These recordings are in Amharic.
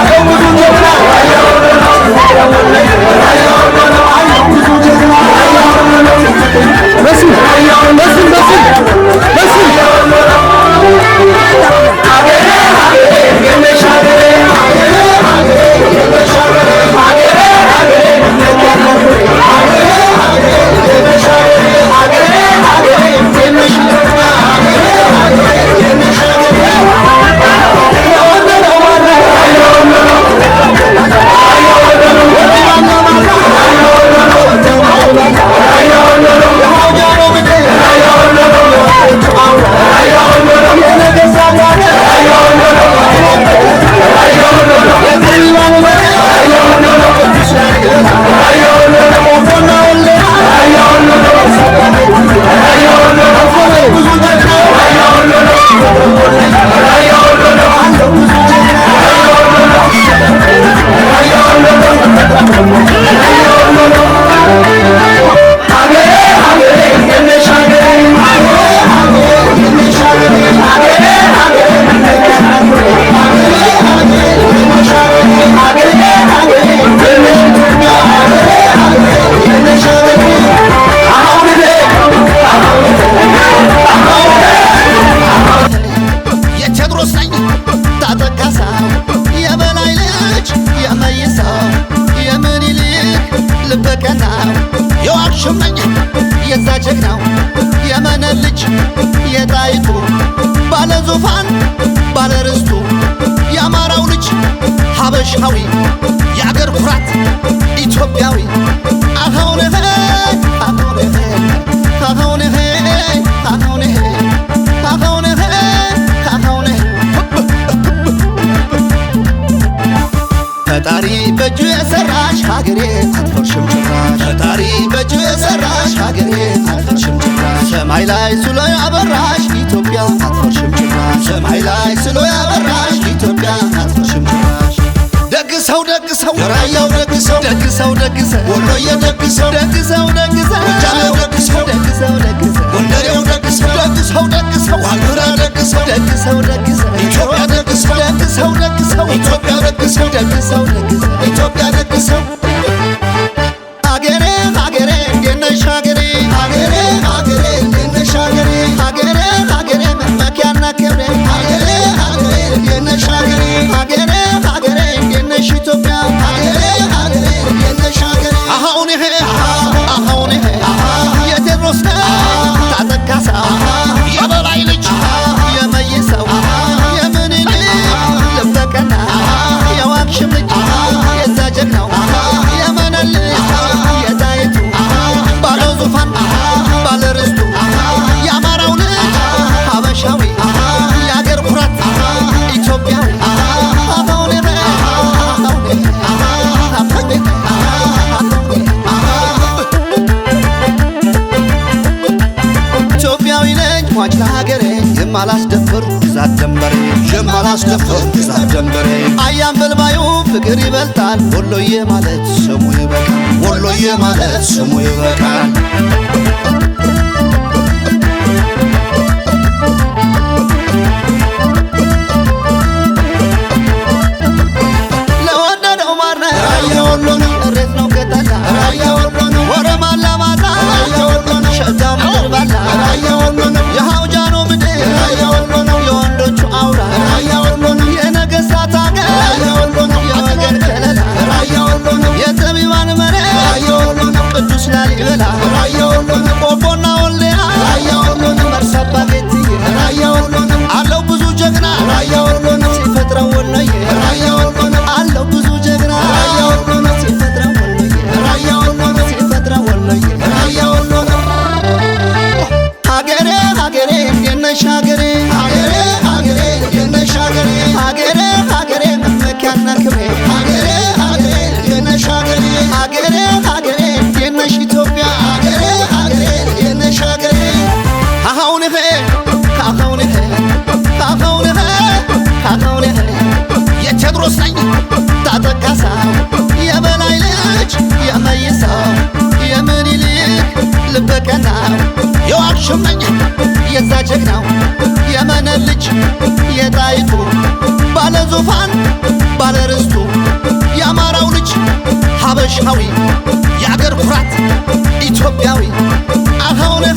Acabou የዛ ጀግናው የመነ ልጅ የጣይቱ ባለ ዙፋን ባለ ርስቱ የአማራው ልጅ ሀበሻዊ የአገር ኩራት ኢትዮጵያዊ አሁን ፈጣሪ በእጁ የሰራሽ ሀገሬ አትፈርሽም ጭራሽ ፈጣሪ በእጁ የሰራ ሀገሬ አትመሽም ጭራሽ ሰማይ ላይ ስሎ ያበራሽ ኢትዮጵያ አትመሽም ጭራሽ ሰማይ ላይ ስሎ ያበራሽ ኢትዮጵያ አትመሽም ጭራሽ ደግሰው ደግሰው ራያው ደግሰው ደግሰው ደግሰው ወሎዬ ደግሰው ደግሰው ደግሰው ወጃሜው ደግሰው ደግሰው ደግሰው ጎንደሬው ደግሰው ደግሰው ደግሰው ዋግምራ ደግሰው ደግሰው ደግሰው ኢትዮጵያ ደግሰው ደግሰው ደግሰው ኢትዮጵያ ደግሰው ደግሰው ደግሰው ኢትዮጵያ ደግሰው አገሬ ወሎዬ ማለት ስሙ ይበቃል፣ ወሎዬ ማለት ስሙ ይበቃል። ¡Gracias! ሽመኛ የዛ ጀግናው የመነ ልጅ የጣይቱ ባለ ዙፋን ባለ ርስቱ የአማራው ልጅ ሀበሻዊ የአገር ኩራት ኢትዮጵያዊ አሁንህ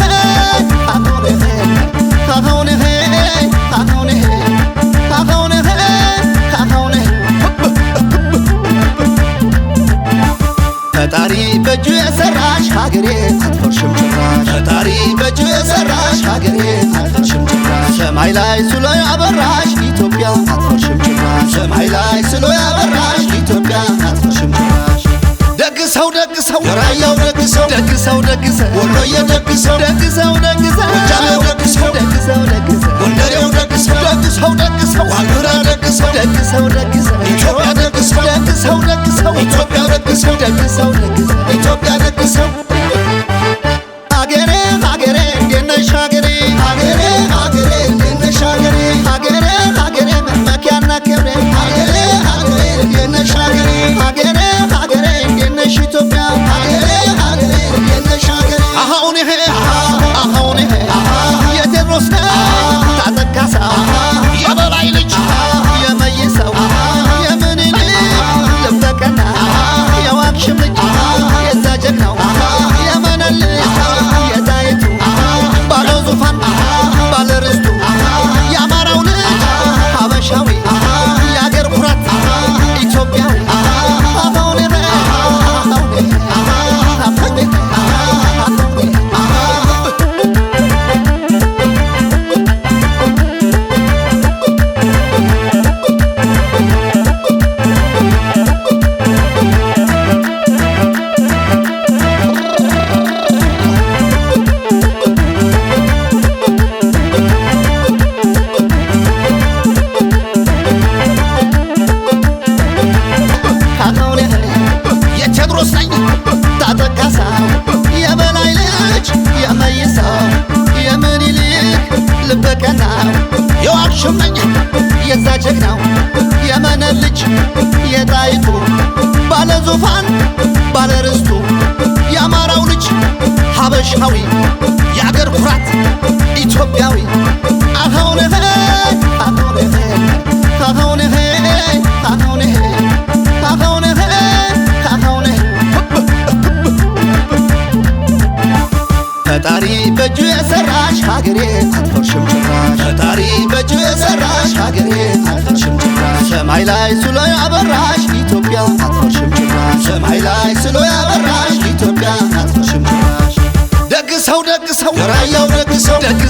ፈጣሪ በእጁ የሰራሽ ሀገሬ አትፈርሽም ጭራሽ አበራሽ ሀገሬ አትፈርሽም ጭራሽ ሰማይ ላይ ስሎ ያበራሽ ኢትዮጵያ አትፈርሽም ጭራሽ ሰማይ ላይ ስሎ ያበራሽ ኢትዮጵያ አትፈርሽም ጭራሽ ደግሰው ደግሰው ወራያው ደግሰው ደግሰው ደግሰው ወሎዬ ደግሰው ደግሰው ደግሰው ጎጃሜው ደግሰው ደግሰው ደግሰው ጎንደሬው ደግሰው ደግሰው ደግሰው ዋግምራ ደግሰው ደግሰው ደግሰው ኢትዮጵያ ደግሰው ደግሰው ደግሰው ኢትዮጵያ ደግሰው ደግሰው ደግሰው ኢትዮጵያ ደግሰው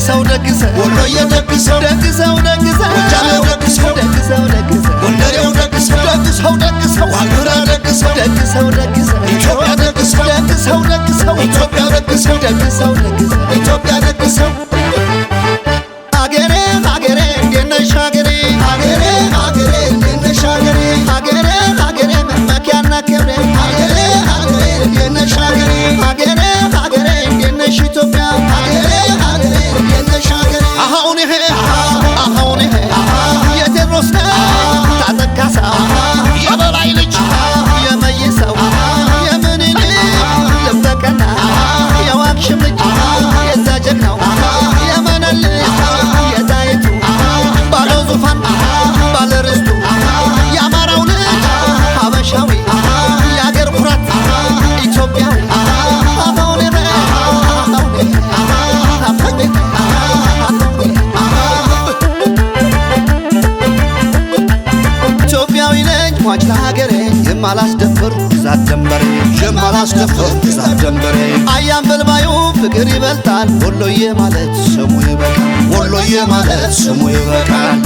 ደግሰው ደግሰው ወሎዬ ደግሰው कौन है हाँ አላስደፍር ግዛት ጀንበሬ ጀም አላስደፍር ግዛት ጀንበሬ አያም በልባዩ ፍቅር ይበልጣል ወሎዬ ማለት ስሙ ይበቃል ወሎዬ ማለት ስሙ ይበቃል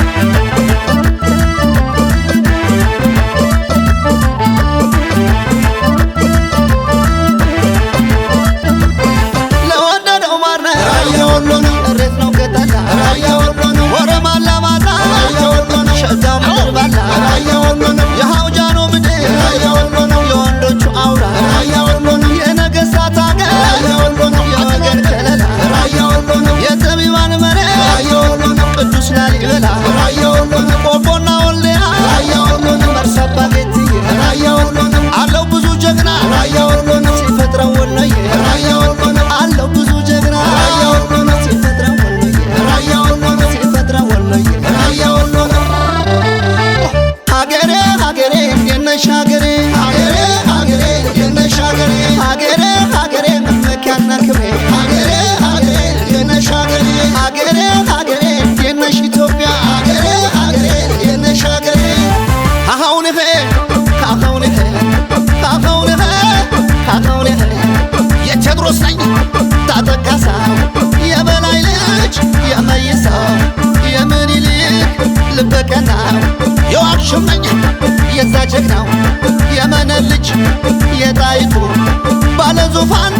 ዙፋን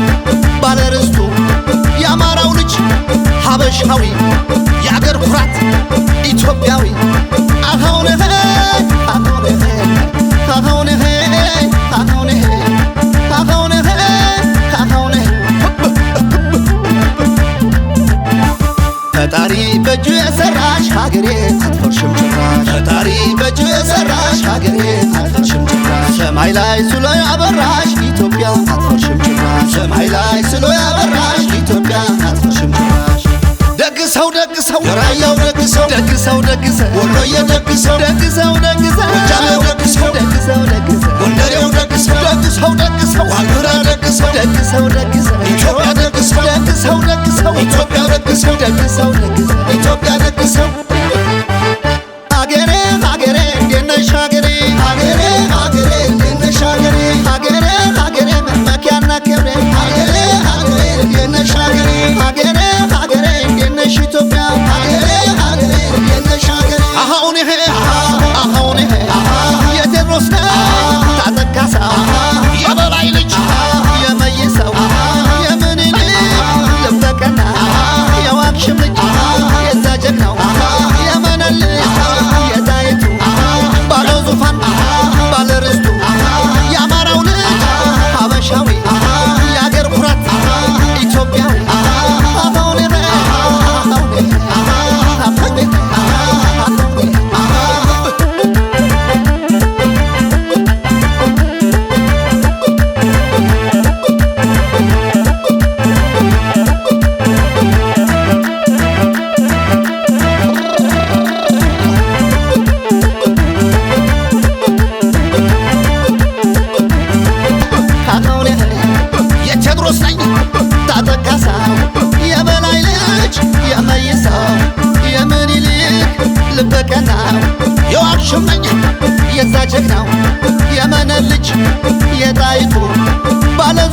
ባለርስቱ የአማራው ልጅ ሀበሻዊ የአገር ኩራት ኢትዮጵያዊ አሁን ፈጣሪ በእጁ የሰራሽ ሀገሬ ፈጣሪ በእጅ የሰራሽ ሀገሬ አትፈርሽም ጭራሽ ሰማይ ላይ ስሎ ያበራሽ ኢትዮጵያ አትፈርሽም ጭራሽ ሰማይ ላይ ስሎ ያበራሽ ኢትዮጵያ አትፈርሽም ጭራሽ ደግሰው ደግሰው ራያው ደግሰው ደግሰው ደግሰው ወሎዬ ደግሰው ደግሰው ደግሰው ጎጃሜው ደግሰው ደግሰው ደግሰው ጎንደሬው ደግሰው ደግሰው ደግሰው ዋግምራ ደግሰው ደግሰው ደግሰው ኢትዮጵያ ደግሰው ደግሰው ደግሰው ኢትዮጵያ ደግሰው ደግሰው ደግሰው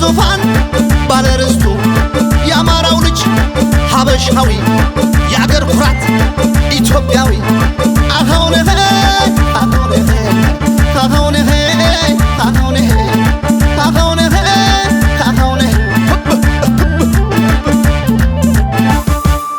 ዙፋን ባለርስቱ የአማራው ልጅ ሀበሻዊ የአገር ኩራት ኢትዮጵያዊ አሁንህ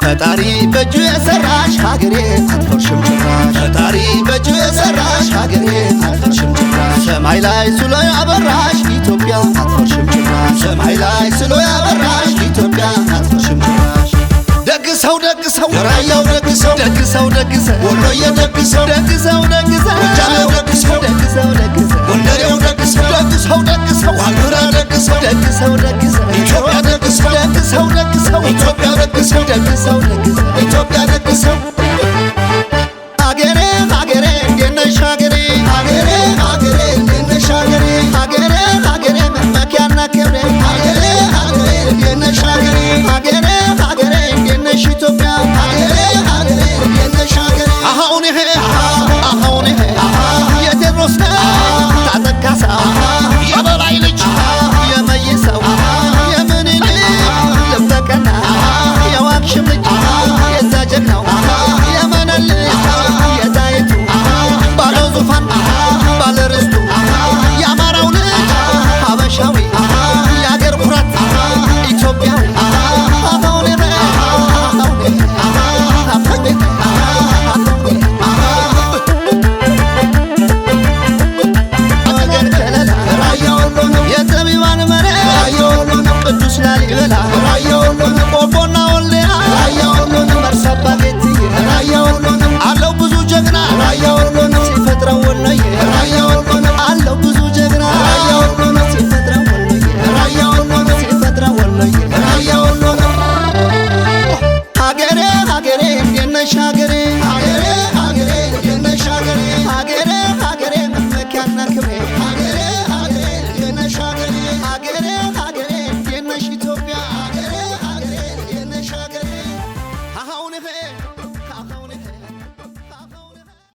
ፈጣሪ በእጁ የሰራሽ ሀገሬ አትፈርሽም ጭራሽ ፈጣሪ በእጁ የሰራሽ ሀገሬ አትፈርሽም ጭራሽ ሰማይ ላይ ዙሎ ያበራሽ ኢትዮጵያ አትፈርሽም ጭራሽ ሰማይ ላይ ስሎ ያበራሽ ኢትዮጵያ አትፈርሽም ጭራሽ ደግሰው ደግሰው ራያው ደግሰው ደግሰው ደግሰው ወሎዬ ደግሰው ደግሰው ደግሰው ጎጃሜው ደግሰው ደግሰው ደግሰው ጎንደሬው ደግሰው ደግሰው ደግሰው ዋግምራ ደግሰው ደግሰው ደግሰው ኢትዮጵያ ደግሰው ደግሰው ደግሰው ኢትዮጵያ ደግሰው ደግሰው ደግሰው ኢትዮጵያ ደግሰው አገሬ